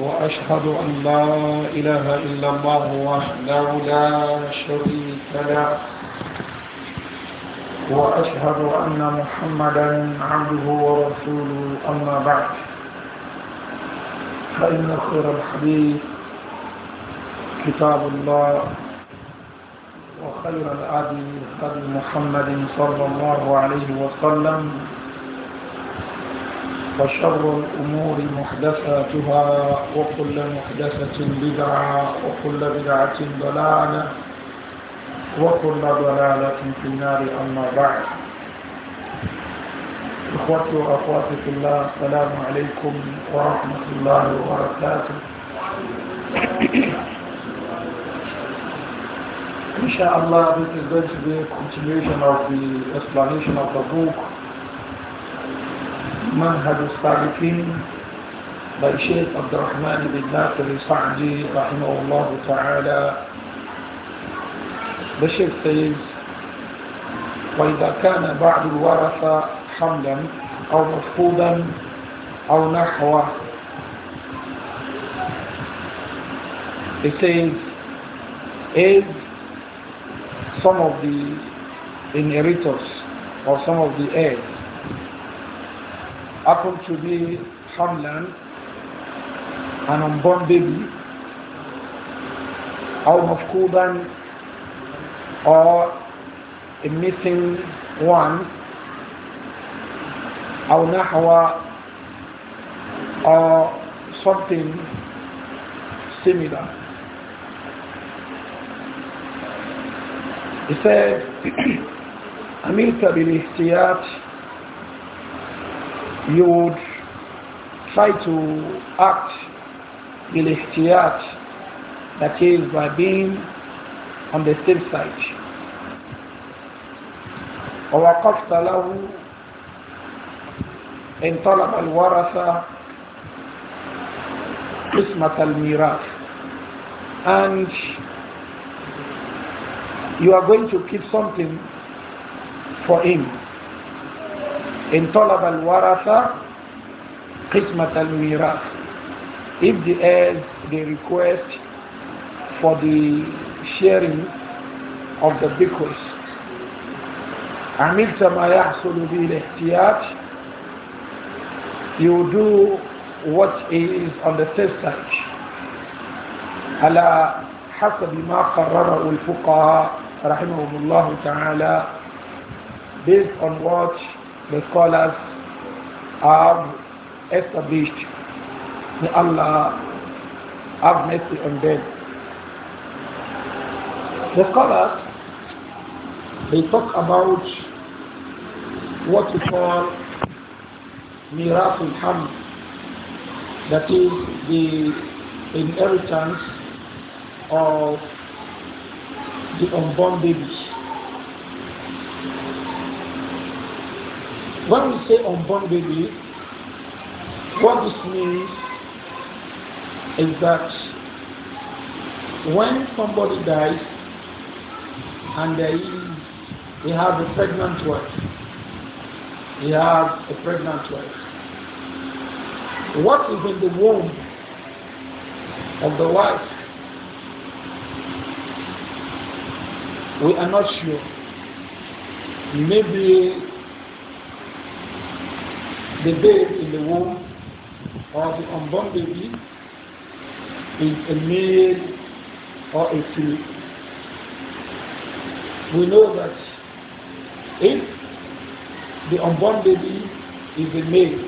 وأشهد أن لا إله إلا الله وحده لا شريك له وأشهد أن محمدا عبده ورسوله أما بعد فإن خير الحديث كتاب الله وخير الأدب هدي محمد صلى الله عليه وسلم وشر الأمور محدثاتها وكل محدثة بدعة وكل بدعة ضلالة وكل ضلالة في النار أما بعد إخوتي وأخواتي في الله السلام عليكم ورحمة الله وبركاته الله this is going to be a continuation of the explanation of the book منهج السالكين by Sheikh Abdul Rahman bin Nasir al-Sa'di rahimahullah ta'ala the Sheikh says وإذا كان بعض الورثة حملا أو مفقودا أو نحوه It says if some of the inheritors or some of the heirs happened to be Hamlan, an unborn baby, or Mafkudan, or a missing one, or Nahwa, or something similar. He said, عملت بالاحتياط you would try to act bil ihtiyat, that is by being on the safe side. ووقفت له إن طلب الورثة قسمة الميراث and you are going to keep something for him in طلب الورثة قسمة الميراث if the heirs they request for the sharing of the bequest عملت ما يحصل به الاحتياج you do what is on the safe side على حسب ما قرره الفقهاء رحمهم الله تعالى based on what the scholars have established. May Allah have mercy on them. The scholars, they talk about what we call mirasul hamd, that is the inheritance of the unborn babies. When we say unborn baby, what this means is that when somebody dies and there is, he have a pregnant wife, he have a pregnant wife. What is in the womb of the wife? We are not sure. Maybe the babe in the womb or the unborn baby is a male or a female. We know that if the unborn baby is a male,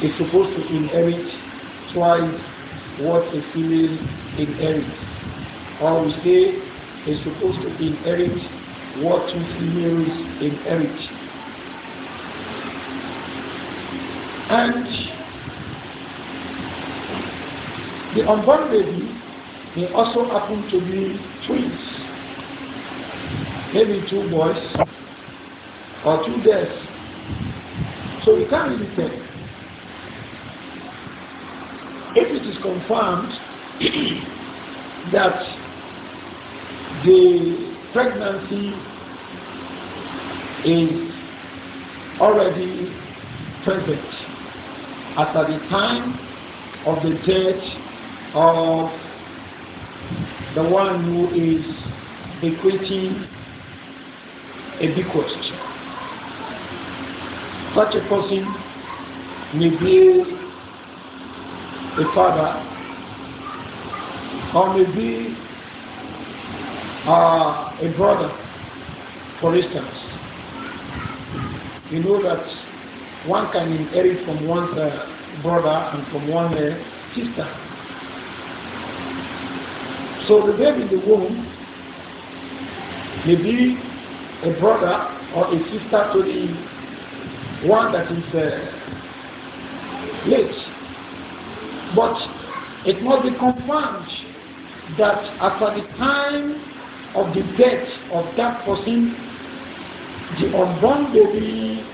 it's supposed to inherit twice what a female inherits. Or we say is supposed to inherit what two females inherit. And the unborn baby may also happen to be twins. Maybe two boys or two girls. So we can't really tell. If it is confirmed that the pregnancy is already present at the time of the death of the one who is equating a bequest. Such a person may be a father or may be uh, a brother, for instance. You know that one can inherit from one's uh, brother and from one's uh, sister. So the baby in the womb may be a brother or a sister to the one that is uh, late. But it must be confirmed that after the time of the death of that person, the unborn baby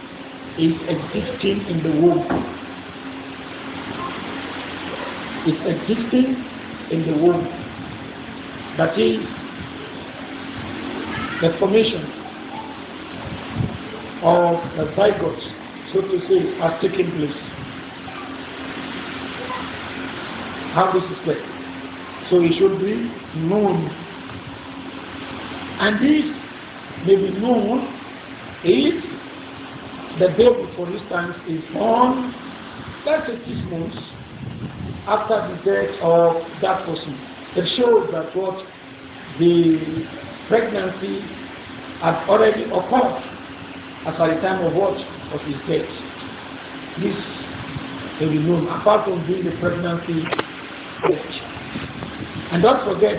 is existing in the womb. Is existing in the womb. That is the formation of the zygote, so to say, has taken place. How this is like. So it should be known. And this may be known if the baby, for instance, is on, let's say six months after the death of that person. It shows that what the pregnancy had already occurred as at the time of what? Of his death. This will be known, apart from being the pregnancy death. And don't forget,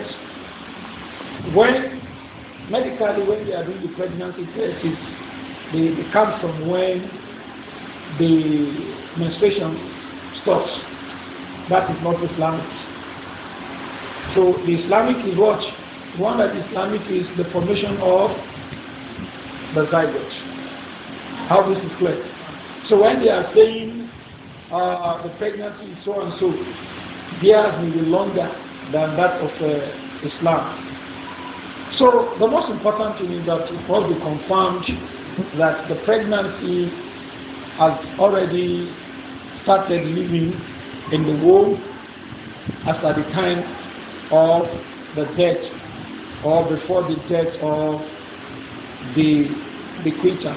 when medically when they are doing the pregnancy test, they, they come from when the menstruation stops. That is not Islamic. So the Islamic is what? One that Islamic is the formation of the zygote. How this is clear. So when they are saying uh, the pregnancy is so and so, theirs may be longer than that of uh, Islam. So the most important thing is that it must be confirmed that the pregnancy has already started living in the womb as at the time of the death or before the death of the creature.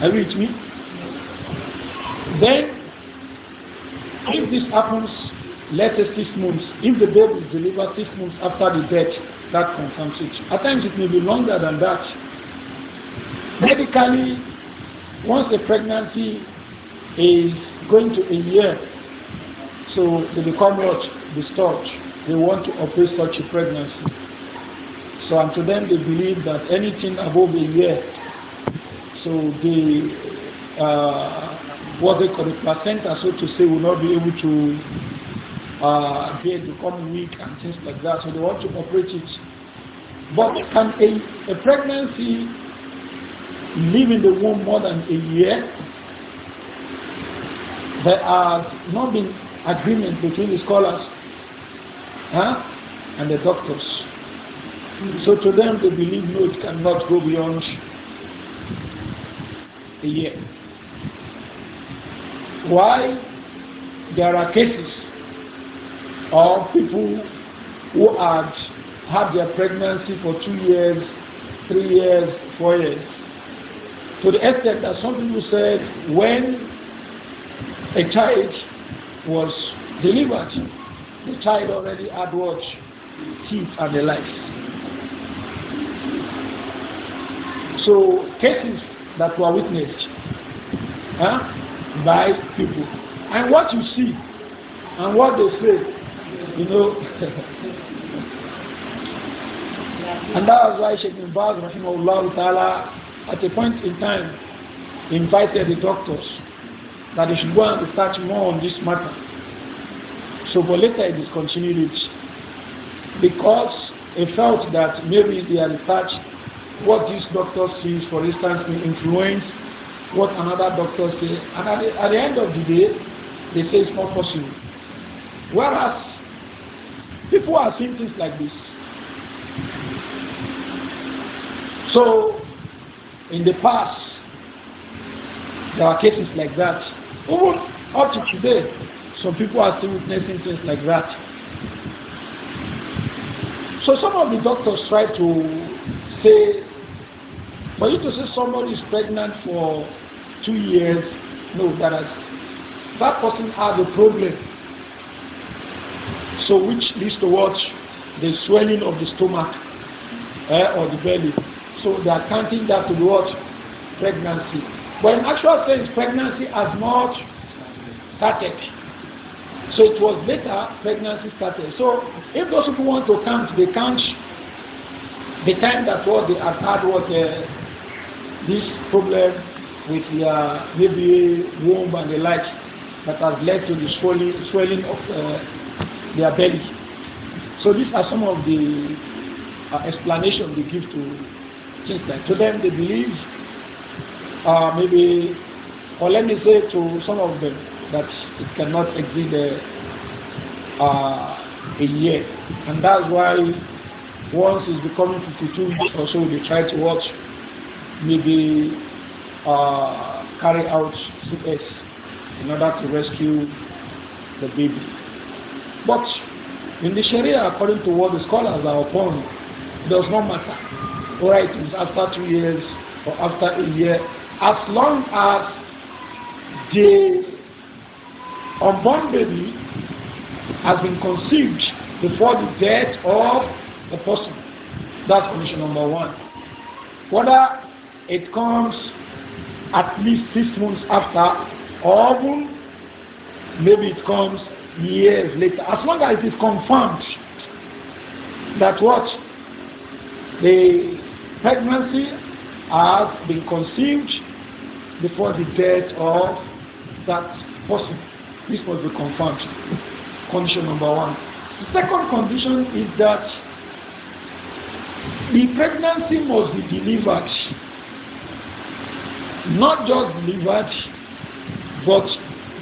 Are you with me? Then, if this happens, let's say six months, if the baby is delivered six months after the death, that confirms it. At times it may be longer than that Medically, once the pregnancy is going to a year, so they become what? Disturbed. They want to operate such a pregnancy. So and to them they believe that anything above a year, so the uh, what they call the placenta, so to say, will not be able to uh, the become weak and things like that. So they want to operate it. But can a, a pregnancy live in the womb more than a year, there has not been agreement between the scholars huh, and the doctors. So to them, they believe no, it cannot go beyond a year. Why? There are cases of people who had had their pregnancy for two years, three years, four years. To the extent that some people said when a child was delivered, the child already had what? Teeth and the like. So cases that were witnessed huh, by people. And what you see and what they say, you know, And that was why Sheikh Bin Baz, rahimahullah ta'ala, at a point in time, invited the doctors that they should go and research more on this matter. So, but later he discontinued it because it felt that maybe their research, what these doctors sees, for instance, may influence what another doctor says. And at the, at the end of the day, they say it's not possible. Whereas people are seeing things like this. So in the past, there are cases like that. Even up to today, some people are still witnessing things like that. So some of the doctors try to say, for you to say somebody is pregnant for two years, no, that has, that person has a problem. So which leads to what? The swelling of the stomach eh, or the belly. So they are counting that to what? Pregnancy. But in actual sense, pregnancy has not started. So it was later pregnancy started. So if those people want to count, they count the time that what they have had was uh, this problem with their maybe womb and the like that has led to the swelling, swelling of uh, their belly. So these are some of the uh, explanation they give to like to them they believe uh, maybe or let me say to some of them that it cannot exceed a, uh, uh, a year and that's why once it's becoming 52 weeks or so they try to watch maybe uh, carry out CS in order to rescue the baby but in the Sharia according to what the scholars are upon it does not matter whether it is after two years or after a year, as long as the unborn baby has been conceived before the death of the person. That's condition number one. Whether it comes at least six months after, or maybe it comes years later. As long as it is confirmed that what the pregnancy has been conceived before the death of that person. This must be confirmed. Condition number one. The second condition is that the pregnancy must be delivered. Not just delivered, but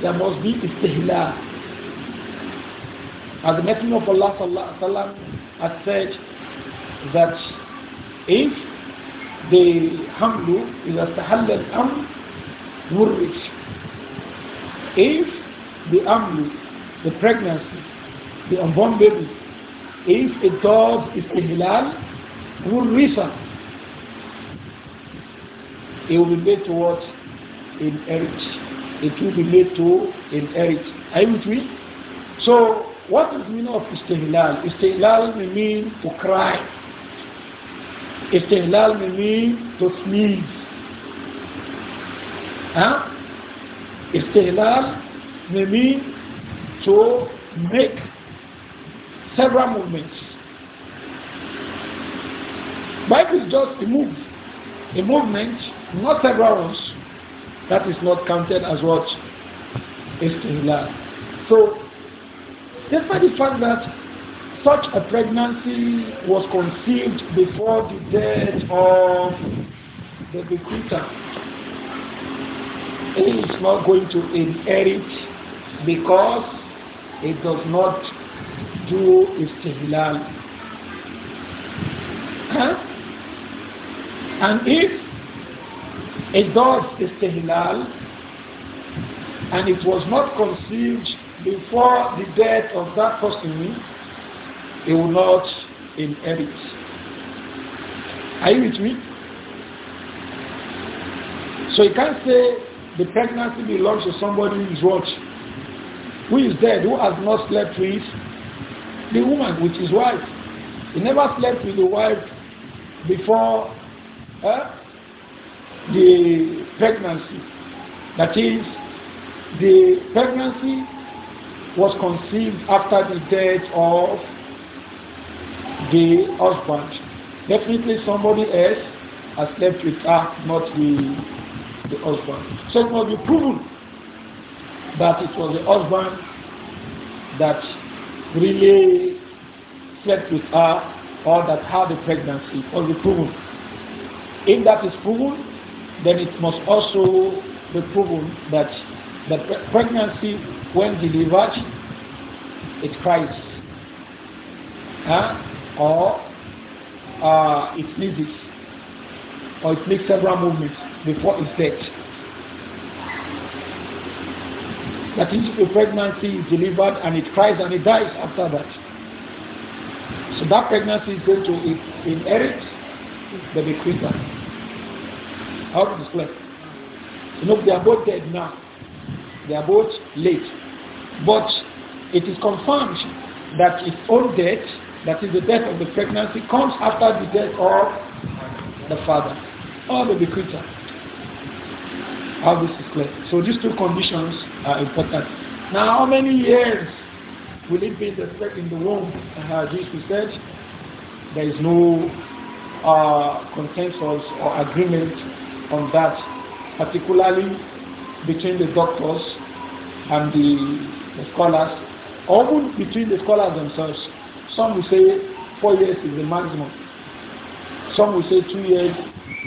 there must be istihla. As the Messenger of Allah has said that if the is إذا استحل الأمر مرج if the amlu the pregnancy the unborn baby if a it does istihlal murrisa it will be made to what? Inherit. It will be made to in Are you with me? So what is the meaning of istihlal? Istihlal means to cry Istihlal means to sneeze. Huh? Istihlal may mean to make several movements. Bike is just a move, a movement, not several ones, that is not counted as what? Istihlal. So, despite the fact that such a pregnancy was conceived before the death of the bequeather. It is not going to inherit because it does not do istihlal. Huh? And if it does istihlal and it was not conceived before the death of that person, he will not inherit. Are you with me? So you can't say the pregnancy belongs to somebody who is what? Who is dead, who has not slept with the woman, which is wife. He never slept with the wife before eh, the pregnancy. That is, the pregnancy was conceived after the death of the husband. Definitely somebody else has slept with her, not the, the husband. So it must be proven that it was the husband that really slept with her or that had the pregnancy. It must be proven. If that is proven, then it must also be proven that the pregnancy, when delivered, it cries. Huh? or uh, it sneezes or it makes several movements before it's dead. That is, the pregnancy is delivered and it cries and it dies after that. So that pregnancy is going to inherit the bequeather. How to display? You know, they are both dead now. They are both late. But it is confirmed that its all dead that is the death of the pregnancy, comes after the death of the father or the creature. How this is clear. So these two conditions are important. Now, how many years will it be in the, in the womb? Uh, this we said, there is no uh, consensus or agreement on that, particularly between the doctors and the, the scholars, or even between the scholars themselves. Some will say four years is the maximum. Some will say two years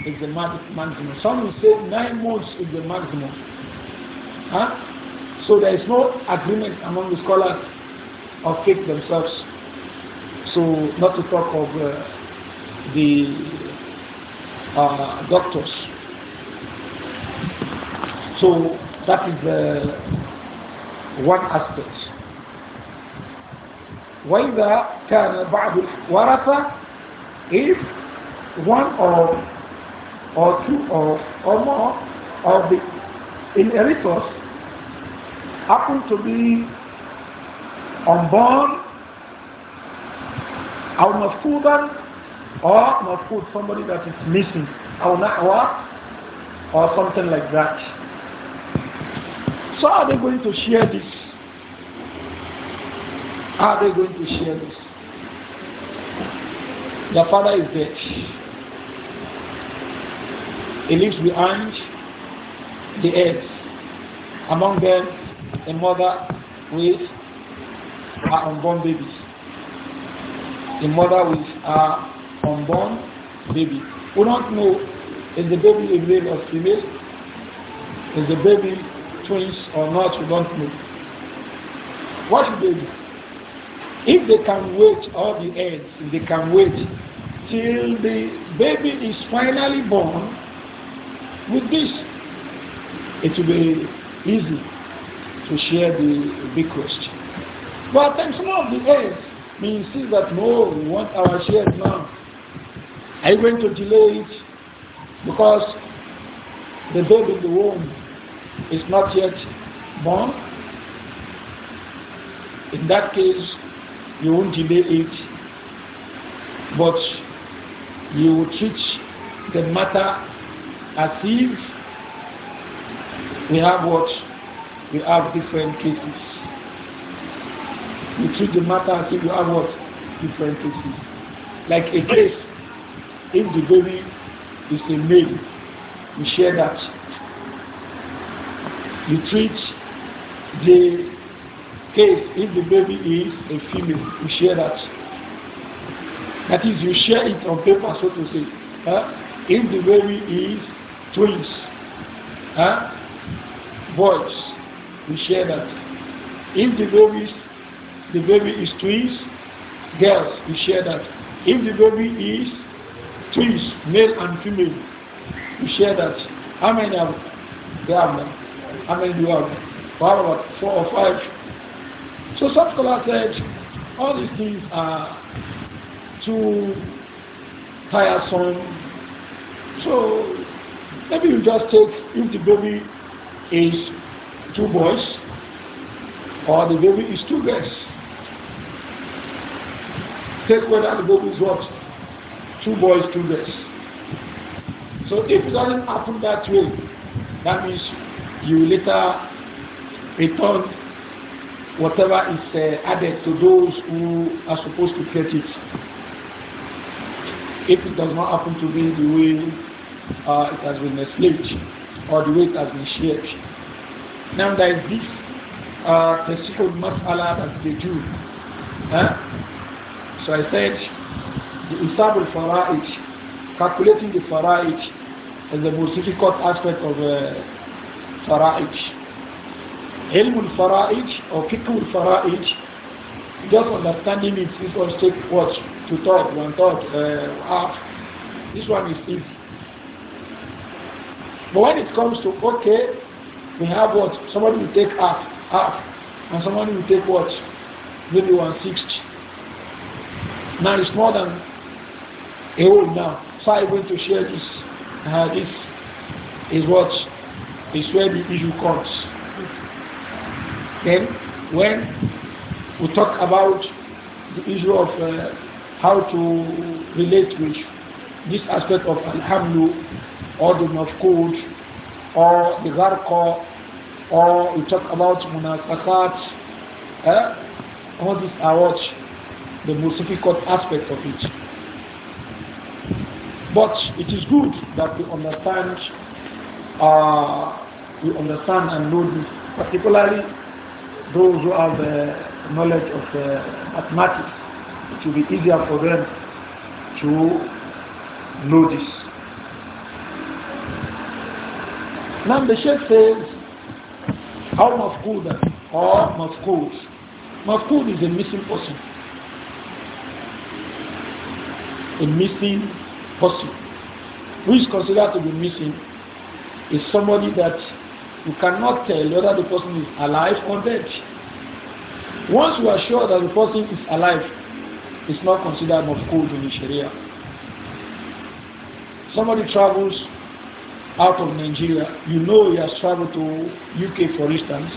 is the maximum. Some will say nine months is the maximum. Huh? So there is no agreement among the scholars of faith themselves. So not to talk of uh, the uh, doctors. So that is uh, one aspect. وإذا كان بعض الورثة if one or or two or, or more of the inheritors happen to be unborn أو مفقودا or مفقود somebody that is missing not نحو or something like that so are they going to share this how are they going to share this? The father is dead. He leaves behind the heirs. Among them, a mother with her unborn baby. A mother with her unborn baby. We don't know if the baby is male or female. Is the baby twins or not? We don't know. What should they do? If they can wait all the eggs, if they can wait till the baby is finally born, with this, it will be easy to share the big question. But then some of the eggs may insist that no, we want our share now. Are you going to delay it? Because the baby in the womb is not yet born. In that case, you won't delay it, but you will treat the matter as if we have what? We have different cases. You treat the matter as if you have what? Different cases. Like a case, if the baby is a male, you share that. You treat the case, if the baby is a female, you share that. That is, you share it on paper, so to say. Huh? If the baby is twins, huh? boys, you share that. If the baby is, the baby is twins, girls, you share that. If the baby is twins, male and female, you share that. How many of they have How many do you have? What about four or five? So some scholars said all these things are too tiresome. So maybe you just take if the baby is two boys or the baby is two girls. Take whether the baby is what? Two boys, two girls. So if it doesn't happen that way, that means you later return whatever is uh, added to those who are supposed to get it. If it does not happen to be the way uh, it has been enslaved or the way it has been shaped. Now there is this uh, testicle allow that they do. Huh? So I said the Isab al calculating the faraid, is the most difficult aspect of uh, Hilmul Fara'ij or Fiqhul Fara'ij, just understanding it, this one take what? Two thirds, one third, uh, half. This one is easy. But when it comes to, okay, we have what? Somebody will take half, half, and somebody will take what? Maybe one sixth. Now it's more than a whole now. So I'm going to share this. Uh, this is what is where the issue comes. Then when we talk about the issue of uh, how to relate with this aspect of Alhamdu or the Mafkud or the Gharqa or we talk about munasakat, eh? all these are what the most difficult aspect of it. But it is good that we understand uh, we understand and know this, particularly those who have uh, knowledge of uh, mathematics, it will be easier for them to know this. Now the Sheikh says, how mafkuda or mafkud? Mafkud is a missing person. A missing person. Who is considered to be missing is somebody that you cannot tell whether the person is alive or dead. Once you are sure that the person is alive, it's not considered mafkud in Sharia. Somebody travels out of Nigeria, you know he has traveled to UK for instance,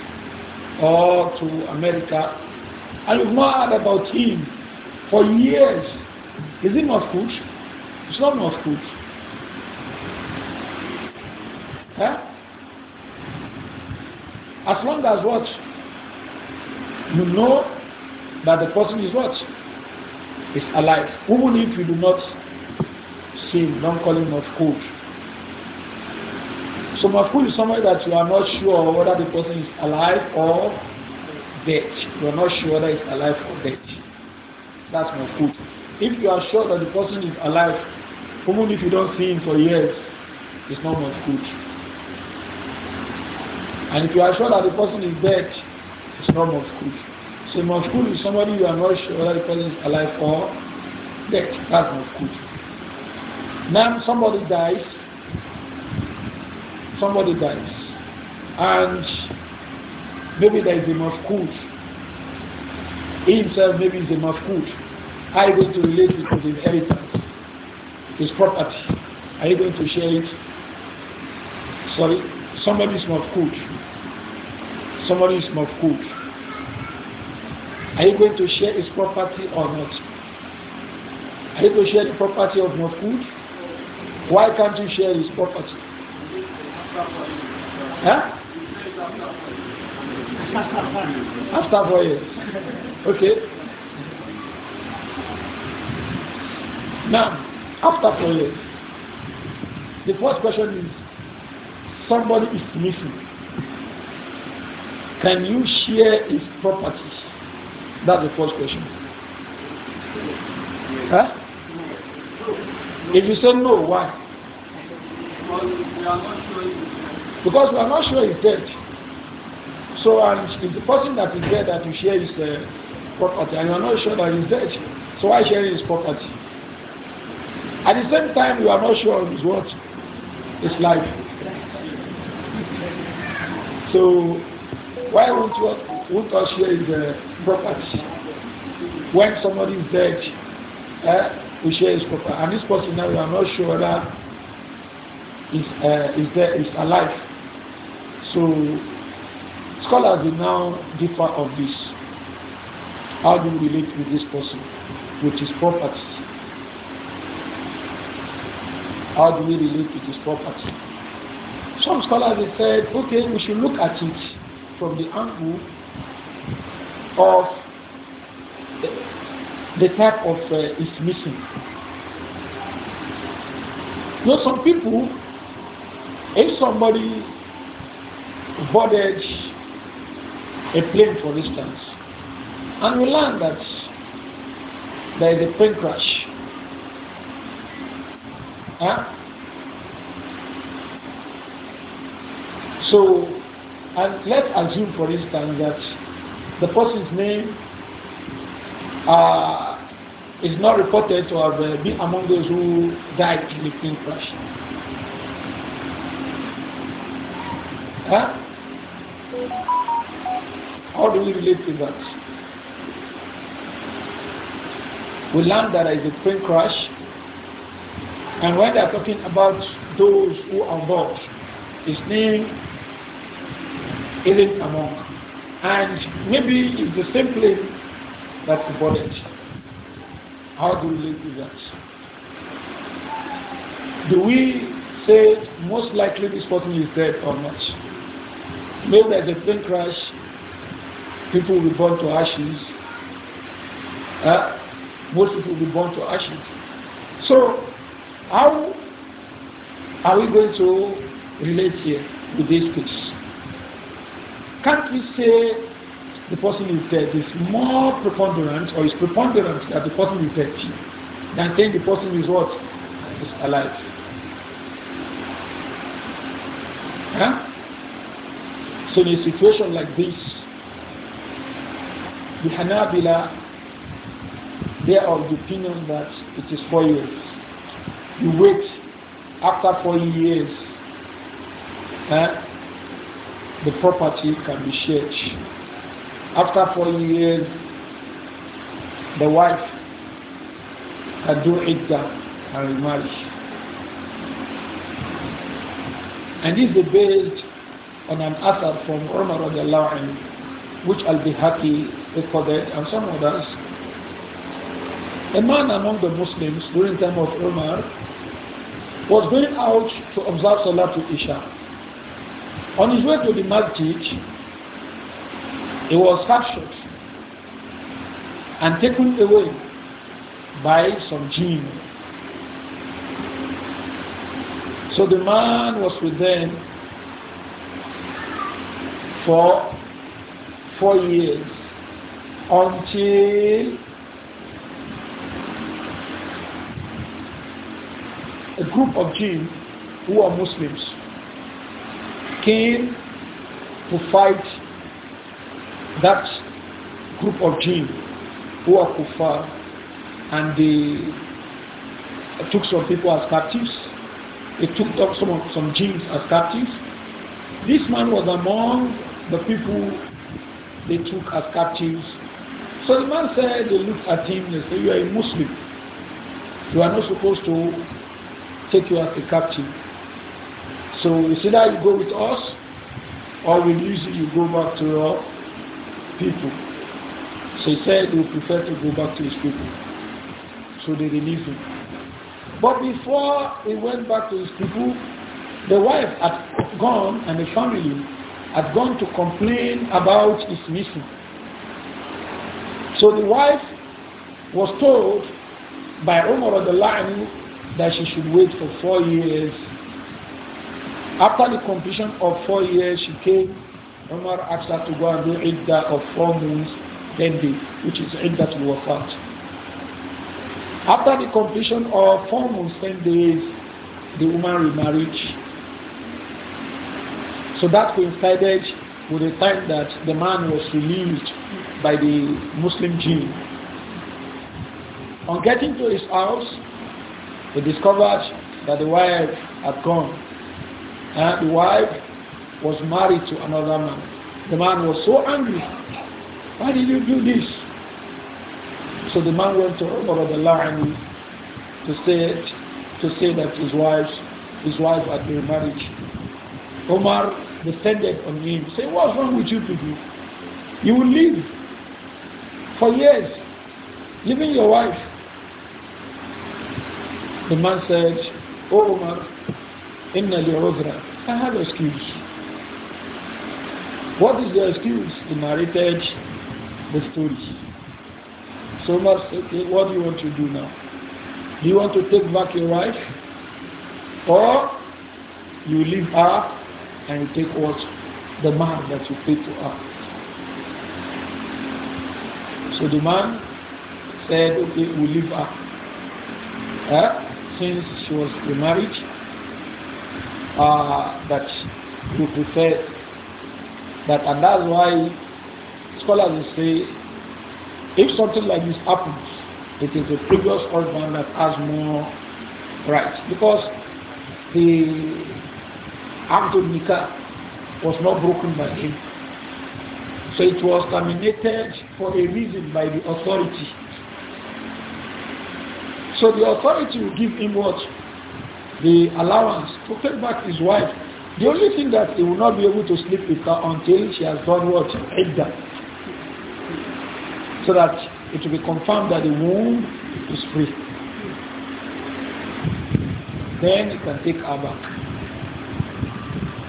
or to America, and you've not heard about him for years. Is it mafkud? It's not good. Huh? As long as what? you know that the person is what? Is alive. Even if you do not see him, don't call him mafkul. So mafkul is somewhere that you are not sure whether the person is alive or dead. You are not sure whether is alive or dead. That's mafkul. If you are sure that the person is alive, even if you don't see him for years, it's not mafkul. And if you are sure that the person is dead, not mafkul. So mafkul is somebody you are not sure whether the person is alive or dead. That's mafkul. Now somebody dies. Somebody dies. And maybe there is a mafkul. He himself maybe is a mafkul. Are you going to relate it to his inheritance? His property? Are you going to share it? Sorry? Somebody is mafkul somebody is mafkud. Are you going to share his property or not? Are you going to share the property of your food? Why can't you share his property? Huh? After four years. Okay. Now, after four years, the first question is somebody is missing. Can you share his property? That's the first question. Huh? If you say no, why? Because we are not sure he's dead. So, and if the person that is dead that you share his uh, property, and you are not sure that he's dead, so why share his property? At the same time, you are not sure of his what? His life. So, why won't you, won't us share his uh, property. When somebody is dead, uh, we share his property. And this person now, we are not sure whether is uh, eh, is there is alive. So scholars will now differ on this. How do we relate with this person, with his property? How do we relate with his property? Some scholars have said, okay, we should look at it from the angle of the type of uh, is missing. You know, some people, if somebody boarded a plane, for instance, and we learn that there is a plane crash, yeah. So, and let's assume, for instance, that the person's name uh, is not reported to have uh, been among those who died in the plane crash. Huh? How do we relate to that? We learned that there is a plane crash, and when they are talking about those who are involved, his name isn't among and maybe it's the same plane that's the it. How do we with that? Do we say most likely this person is dead or not? Maybe there's a plane crash, people will be born to ashes. Uh, most people will be born to ashes. So, how are we going to relate here with this case? Can't we say the person is dead is more preponderant or is preponderant that the person is dead than saying the person is what? Is alive. Huh? So in a situation like this, the Hanabila, they are of the opinion that it is four years. You wait after four years. Huh? the property can be shared. After four years, the wife can do idda and remarry. And this is based on an asar from Umar which Al-Bihaqi recorded and some others. A man among the Muslims during the time of Umar was going out to observe Salatul Isha. On his way to the masjid, he was captured and taken away by some jinn. So the man was with them for four years until a group of jinn who are Muslims came to fight that group of jinn who are kuffar and they took some people as captives. They took up some, some jinns as captives. This man was among the people they took as captives. So the man said, they looked at him, they said, you are a Muslim. You are not supposed to take you as a captive. So it's either you go with us or we lose you, you go back to your people. So he said he prefer to go back to his people. So they released him. But before he went back to his people, the wife had gone and the family had gone to complain about his missing. So the wife was told by Umar that she should wait for four years after the completion of four years, she came. Umar asked her to go and do idda of four months, ten days, which is idda to wafat. After the completion of four months, ten days, the woman remarried. So that coincided with the time that the man was released by the Muslim jinn. On getting to his house, he discovered that the wife had gone uh, the wife was married to another man. The man was so angry. Why did you do this? So the man went to Umar and to say to say that his wife his wife had been married. Omar descended on him, saying, What's wrong with you people? You will live for years, leaving your wife. The man said, oh Omar, Inna li I have an excuse. What is the excuse? The narrated the story. So much, okay, what do you want to do now? Do you want to take back your wife? Or you leave her and you take what? The man that you paid to her. So the man said, okay, we leave her. Eh? Since she was remarried, uh, ah, that he prefers that and that's why scholars will say if something like this happens it is the previous husband that has more rights because the of Nikah was not broken by him so it was terminated for a reason by the authority so the authority will give him what the allowance to take back his wife. The only thing that he will not be able to sleep with her until she has done what? Idda. So that it will be confirmed that the womb is free. Then he can take her back.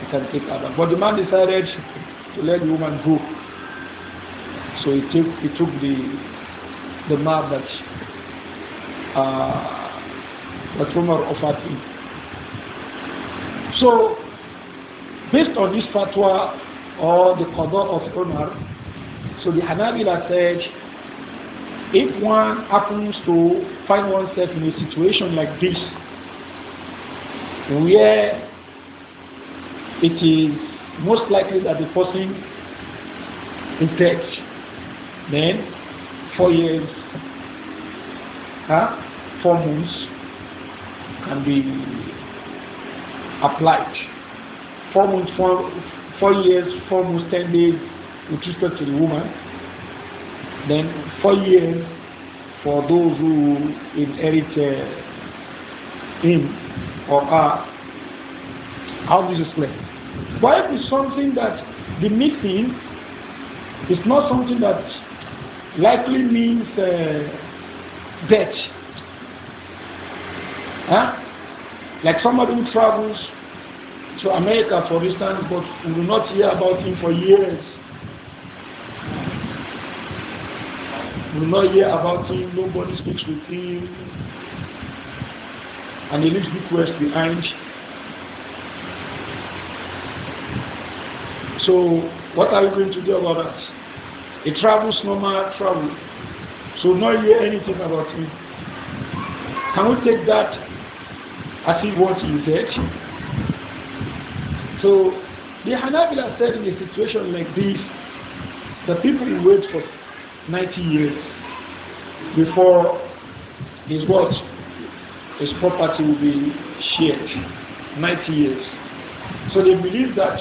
He can take her back. But the man decided to let the woman go. So he took, he took the, the map that, uh, that Umar offered him. So, based on this fatwa or the qadar of Umar, so the Hanabila said, if one happens to find oneself in a situation like this, where it is most likely that the person is dead, then four years, huh, four months can be applied. Four months, four, four years, four months, ten days with respect to the woman. Then four years for those who inherit uh, him or her. How this is clear. But is something that the meeting is not something that likely means uh, death. Huh? Like somebody who travels to America, for instance, but we will not hear about him for years. We will not hear about him, nobody speaks with him, and he leaves big behind. So, what are we going to do about that? He travels normal travel, so not hear anything about him. Can we take that as he what he said. So the Hanabila said in a situation like this, the people will wait for 90 years before his what? His property will be shared. 90 years. So they believe that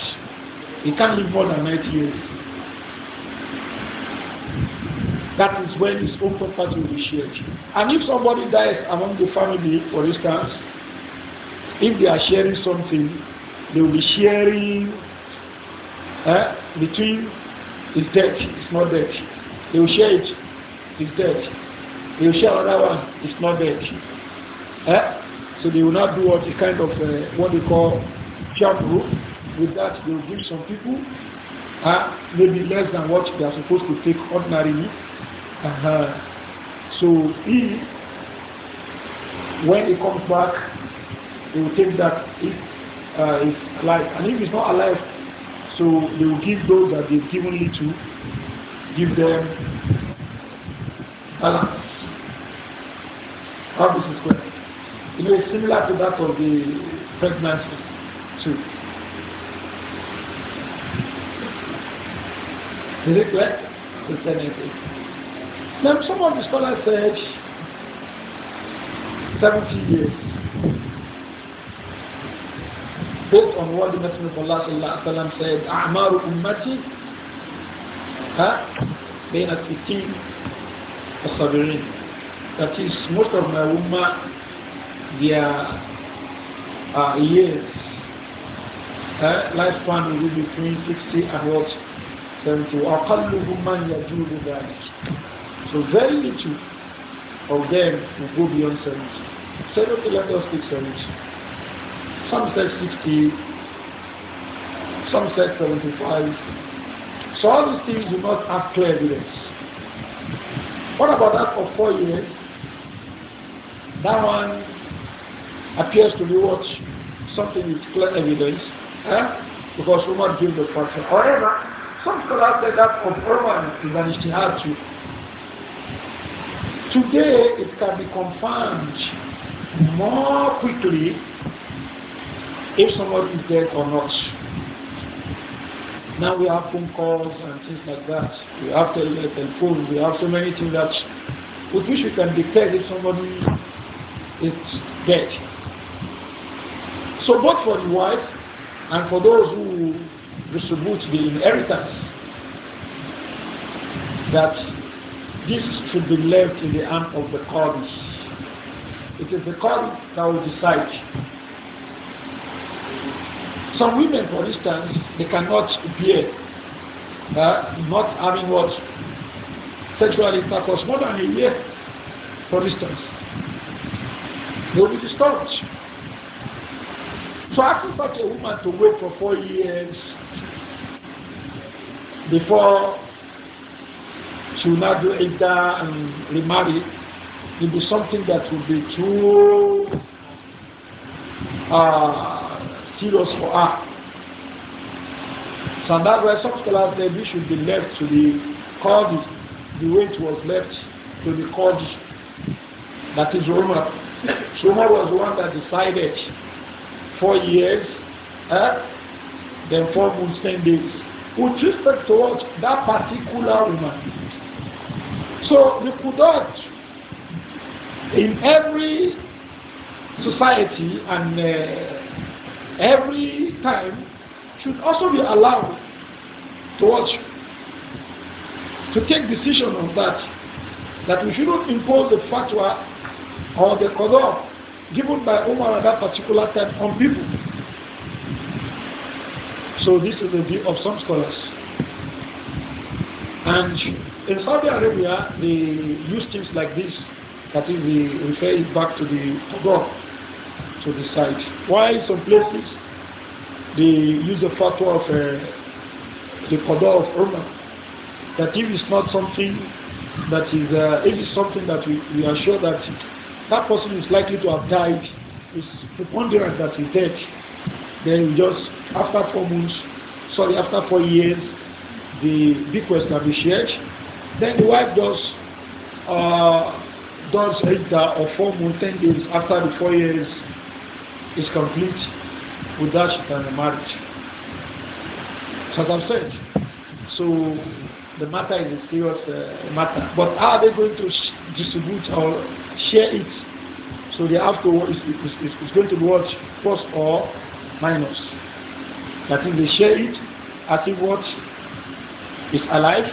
he can't live more than 90 years. That is when his own property will be shared. And if somebody dies among the family, for instance, if they are sharing something, they will be sharing eh, between is dirty, it's not dirty. They will share it, it's dirty. They will share another one, it's not dirty. Eh? So they will not do what the kind of uh, what they call rope. With that, they will give some people uh, maybe less than what they are supposed to take ordinarily. Uh -huh. So he, when he comes back, they will take that if uh, it's alive. And if it's not alive, so they will give those that they've given it to, give them balance. How this is going. You know, it's similar to that of the pregnancy too. Is it clear? Now, some of the scholars said 70 years based on what the Messenger of Allah sallallahu alaihi wasallam said, "A'maru ummati ha bayna sittin as-sabirin." That is, most of my ummah, their uh, years, uh, lifespan will be between 60 and what 70. وَأَقَلُّهُمْ مَنْ يَجُودُ ذَلِكَ So very little of them will go beyond 70. Say, okay, let us take 70. Some said 60, some said 75. So all these things do not have clear evidence. What about that for four years? That one appears to be what? Something with clear evidence. Eh? Because Umar gave the function. However, some scholars say that of four is an ijtihad too. Today, it can be confirmed more quickly if somebody is dead or not. Now we have phone calls and things like that. We have telephone, we have so many things that with which we can detect if somebody is dead. So both for the wife and for those who distribute the inheritance, that this should be left in the hand of the Qadi. It is the Qadi that will decide some women, for instance, they cannot bear uh, not having what sexual intercourse more than a year, for instance. They will be disturbed. So I prefer a woman to wait for four years before she will not do it and remarry. It will be something that will be too uh, serious for her. So that's why some scholars say this should be left to the Kurdish, the way it was left to the Kurdish. That is Umar. So Umar was the one that decided four years, eh? then four months, ten days. With respect towards that particular woman. So the Kudat in every society and uh, every time should also be allowed to watch, to take decision on that, that we shouldn't impose the fatwa or the qadar given by Umar at that particular time on people. So this is the view of some scholars. And in Saudi Arabia, they use things like this, that is, we refer it back to the qadar to decide. Why some places they use the fatwa of uh, the qadar of Umar that if it's not something that is, uh, if it's something that we, we are sure that that person is likely to have died, it's preponderant that he's dead, then just after four months, sorry, after four years, the bequest can be shared. Then the wife does uh, does enter or four months, ten days after the four years is complete with that she can So as I've said, so the matter is a serious uh, matter. But how are they going to distribute or share it? So they have to, is it's, going to be what? Plus or minus. That think they share it, I think what is alive,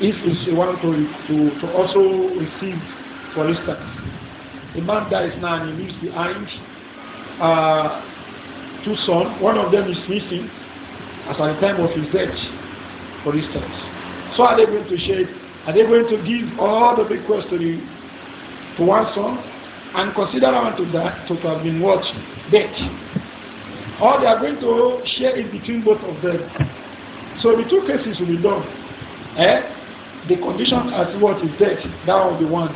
if it's one to, to, to also receive, for instance, a man dies now and he leaves behind uh, two sons, one of them is missing as at the time of his death, for instance. So are they going to share? Are they going to give all the bequest to, the, to one son and consider one to that to have been what? Dead. Or they are going to share it between both of them. So the two cases will be done. Eh? the condition as what is dead, that will be one.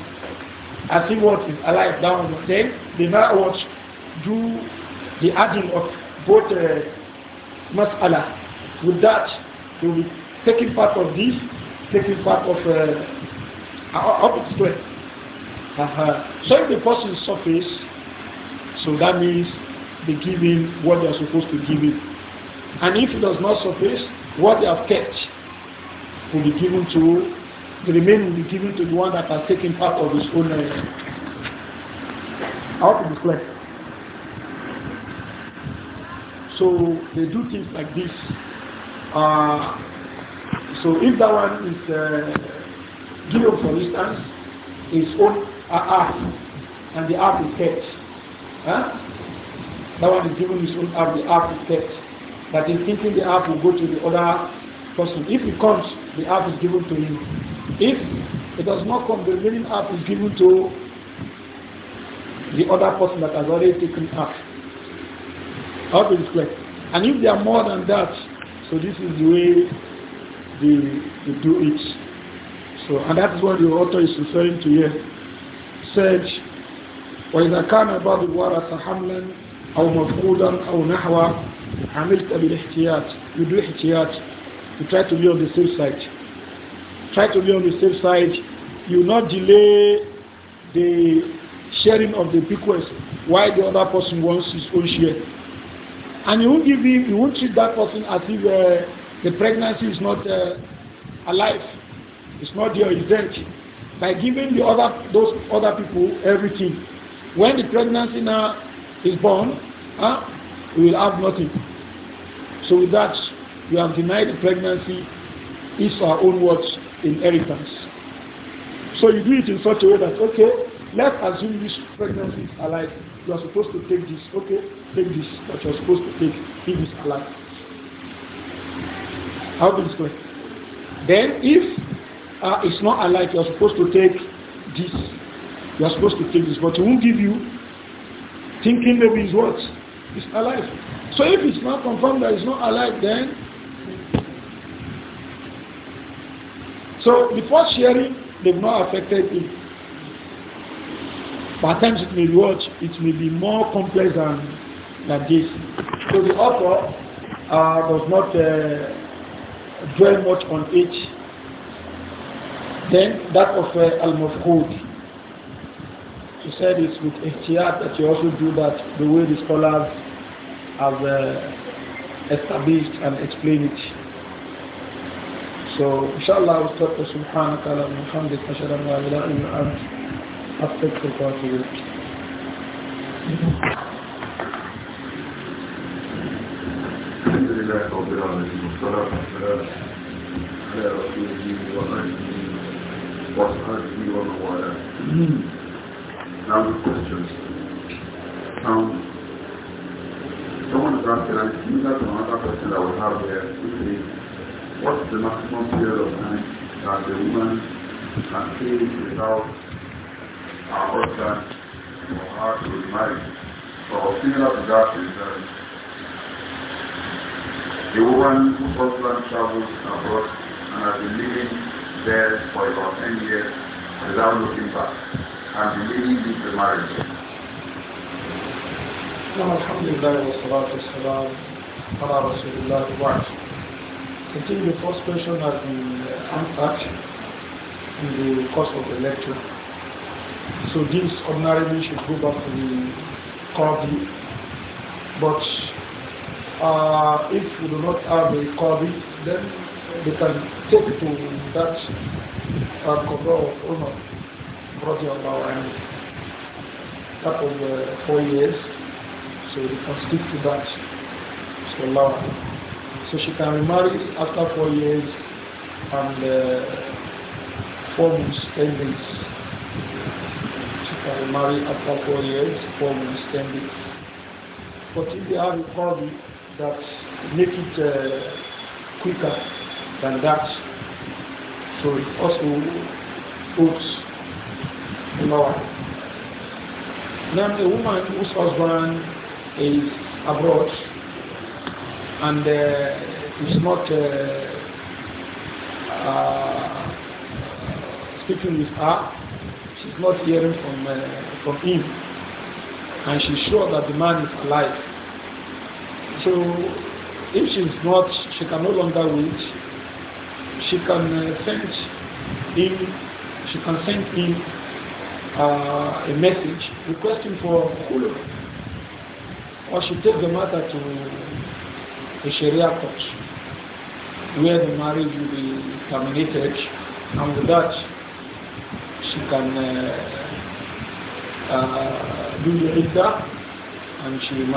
As if what is alive, that will be dead. the now watch do the adding of both uh, mas'ala. With that, you will be taking part of this, taking part of uh, up to uh-huh. So if the person suffers, so that means they give him what they are supposed to give him. And if it does not surface, what they have kept will be given to the remaining will be given to the one that has taken part of his own. Uh, I hope it is clear. So they do things like this. Uh, so if that one is uh, given, for instance, his own uh, art, and the art is kept. Huh? That one is given his own art, the art is kept. That is thinking the art will go to the other person. If it comes, the art is given to him. If it does not come, the remaining art is given to the other person that has already taken art. How to reflect. And if they are more than that, so this is the way they, they do it. So, and that is what the author is referring to here. Said, وإذا كان بعض الورثة حملا أو مفقودا أو نحو عملت بالاحتياط you do احتياط you try to be on the safe side try to be on the safe side you not delay the sharing of the bequest while the other person wants his own share and you won't give him, you won't treat that person as if uh, the pregnancy is not uh, alive, it's not your event. By giving the other, those other people everything. When the pregnancy now is born, huh, we will have nothing. So with that, you have denied the pregnancy is our own words inheritance. So you do it in such a way that, okay, Let's assume this pregnancy is alive. You are supposed to take this. Okay, take this. But you are supposed to take if it's alive. How do it go? Then if uh, it's not alive, you are supposed to take this. You are supposed to take this, but it won't give you thinking maybe it's what? It's alive. So if it's not confirmed that it's not alive, then so the first sharing they've not affected it. But at times it may be what? It may be more complex than, than this. So the author uh, does not uh, dwell much on it. Then that of uh, Al-Mufqud. He said it's with ihtiyat that you also do that the way the scholars have uh, established and explained it. So inshallah we'll stop with Subhanaka wa bihamdika up to the God here. Now the questions. Um, someone is asking, and similar another question that we have here, which is, what's the maximum period of time that the woman can stay without our Africa, Ohio, Mike. So similar to that is that the woman who first time traveled abroad and has been living there for about 10 years without looking back and believing in the marriage. الحمد لله والصلاة والسلام على رسول الله وبعد Continue the first question has been answered in the course of the lecture. So this ordinarily should go back to the Qadi. But uh, if we do not have a Qadi, then they can take it to that uh, Qadra of Umar. That was uh, four years, so they can stick to that. So, so she can remarry after four years and uh, four months, ten days marry after four years, four will But if are have a problem that make it uh, quicker than that, so it also puts lower. Now a woman whose husband is abroad and uh, is not uh, uh speaking with her, she's not hearing from, uh, from him. And she's sure that the man is alive. So if she's not, she can no longer wait. She can uh, send him, she can send him uh, a message requesting for Hulu. Or she take the matter to the Sharia court where the marriage will be terminated and with that can uh, uh, do the idda and she will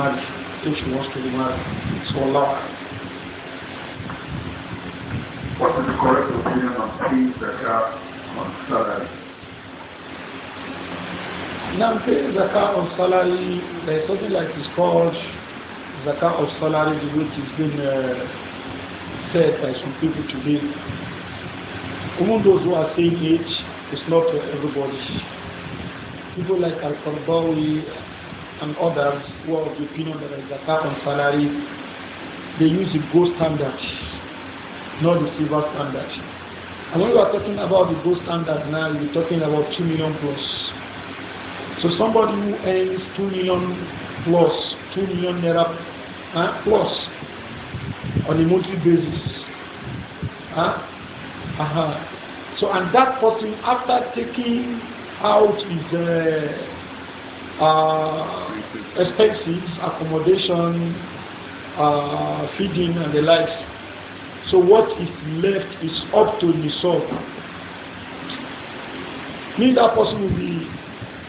if she wants to be So Allah. What is the correct opinion of paying zakat on salary? Now paying zakat on salary, there is something like it's called zakat of salary which has been uh, said by some people today. Among those who are saying it, it's not for everybody. People like Al-Qardawi and others who are of the opinion that there is a cap on salary, they use the gold standard, not the silver standard. And when we are talking about the gold standard now, we're talking about 2 million plus. So somebody who earns 2 million plus, 2 million naira uh, plus on a monthly basis, uh, uh -huh. Uh-huh, so, and that person, after taking out his uh, uh, expenses, accommodation, uh, feeding, and the likes, so what is left is up to the soul. Means that person will be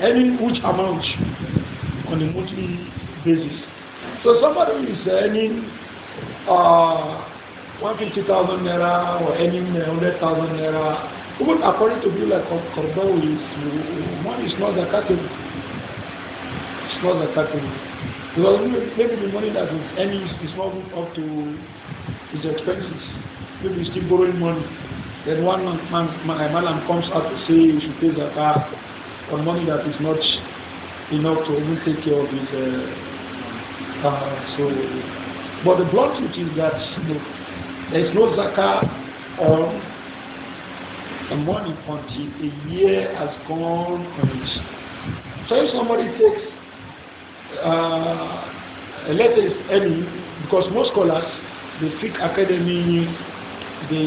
earning which amount on a monthly basis. So somebody is earning uh, 150,000 naira or earning 100,000 naira even according to people like Cordoba, money is not the capital? It's not the capital. Because maybe the money that is earning is not up to his expenses. Maybe he's still borrowing money. Then one man, man, man comes out to say you should pay zakat on money that is not enough to even take care of his. Uh, uh, so, but the blunt truth is that you know, there is no zakah on the money until a year has gone on it. So if somebody takes, uh, let's any, because most scholars, the Fiqh Academy, the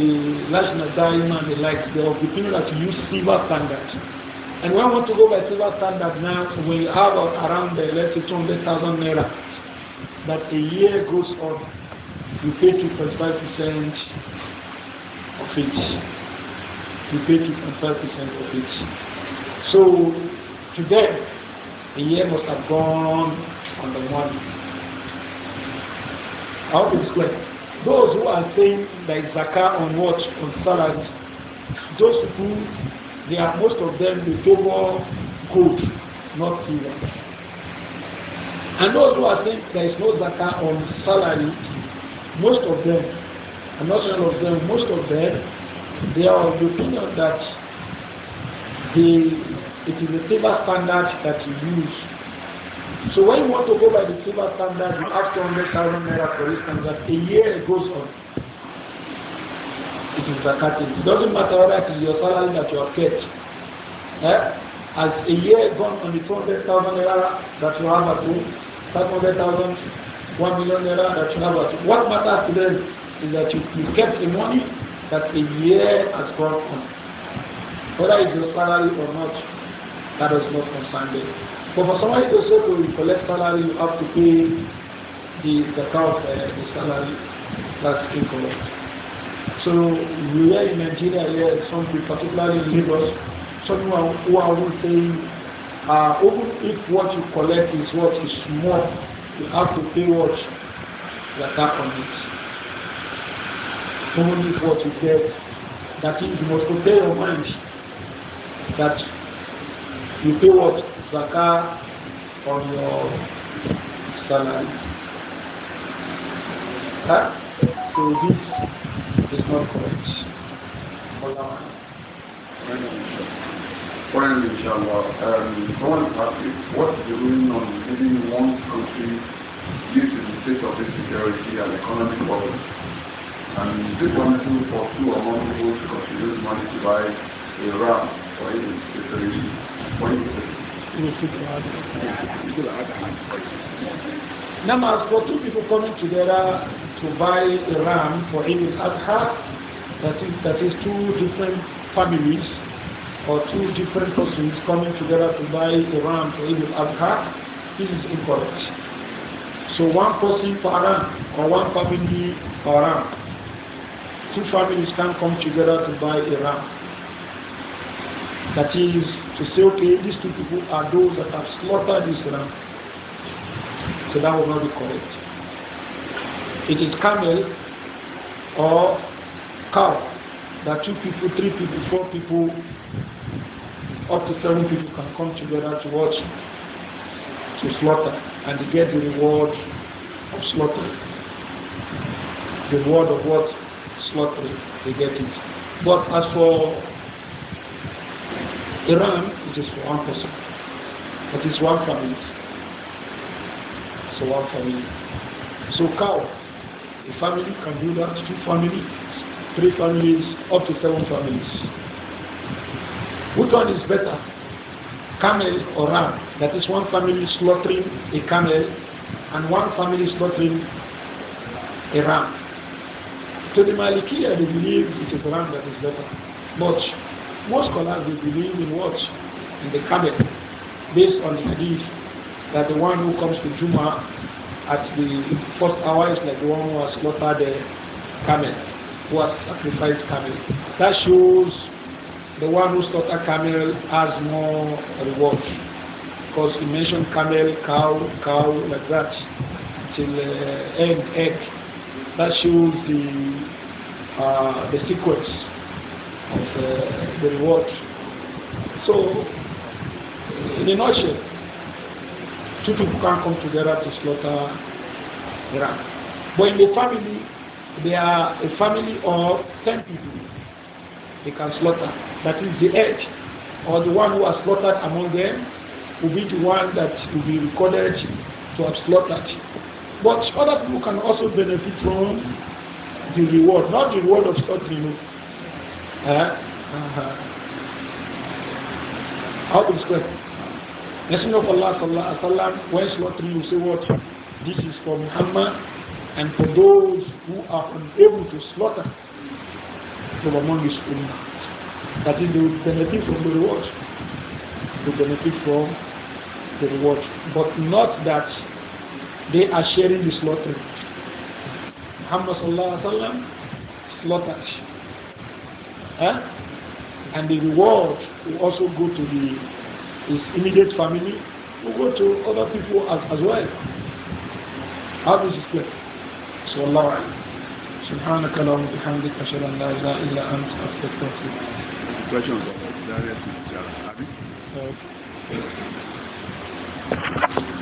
National Diamond, the like, they are the people that use silver standard. And when we want to go by silver standard now, we have around, the uh, let's say, 200,000 naira that a year goes on, you pay 2.5% of it you pay 25 and 5% of it. So today, the year must have gone on the money. I hope it's clear. Those who are saying like zakah on what? On salary. Those who, they are most of them, they favor gold, not silver. And those who are saying there is no zakah on salary, most of them, and not all of them, most of them, they are of the opinion that the, it is the silver standard that you use. So when you want to go by the silver standard, you for hundred thousand naira for instance that a year goes on. It is zakat. It doesn't matter whether it is your salary that you have kept. Eh? As a year gone on the 200,000 naira that you have at home, 500,000, 1 million naira that you have at home. What matters to them is that you, you kept the money that a year has gone on. Whether it's your salary or not, that does not concern them. But for somebody to say to collect salary, you have to pay the cost, uh, the salary, that's incorrect. So we are in Nigeria here, some people, particularly Lagos, some who are, who are saying, uh, even if what you collect is what is more, you have to pay what zakat on it only what you get. That is, you must prepare your mind that you pay what? zakat on your salary. Huh? So this is not correct. Allah. Finally, inshallah, um, someone asked me, what's the ruling on leaving one country due to the state of insecurity and economic problems? And this one too for two or more people to contribute money to buy a ram or a secretary for Now, as for two people coming together to buy a ram for Eid al-Adha, that is, that is two different families or two different persons coming together to buy a ram for Eid al-Adha, this is incorrect. So one person for a ram or one family for a ram two families can come together to buy a ram. That is to say, okay, these two people are those that have slaughtered this ram. So that will not be correct. It is camel or cow that two people, three people, four people, up to seven people can come together to watch, to slaughter, and to get the reward of slaughter. The reward of what? slaughtering, they get it. But as for ram, it is for one person. It is one family. So one family. So cow, a family can do that, two families, three families, up to seven families. Which one is better? Camel or ram? That is one family slaughtering a camel and one family slaughtering a ram. So the Malikiya, they believe it is Ram that is better. But most scholars, they believe in what? In the Kaaba, based on the hadith that the one who comes to Juma at the first hour is like the one who has slaughtered the camel, who has sacrificed camel. That shows the one who slaughtered camel has more reward. Because he mentioned camel, cow, cow, like that, till uh, egg, egg. That shows the, uh, the sequence of uh, the reward. So, in a nutshell, two people can come together to slaughter the ram. But in the family, they are a family of 10 people. They can slaughter. That is the edge, or the one who has slaughtered among them will be the one that will be recorded to have slaughtered. But other people can also benefit from the reward, not the reward of starting. Eh? Huh? How to explain? Messenger of Allah sallallahu alaihi wasallam, when slaughtering, you say what? This is for Muhammad and for those who are unable to slaughter from among his ummah. That is, they will benefit from the reward. They benefit from the reward, but not that they are sharing the slaughtering. Muhammad sallallahu alaihi wasallam slaughtered. Huh? And the reward will also go to the, his immediate family, will go to other people as, as well. How this is clear. So Allah سبحانك اللهم وبحمدك أشهد أن لا إله إلا أنت أستغفرك Questions about direct Okay.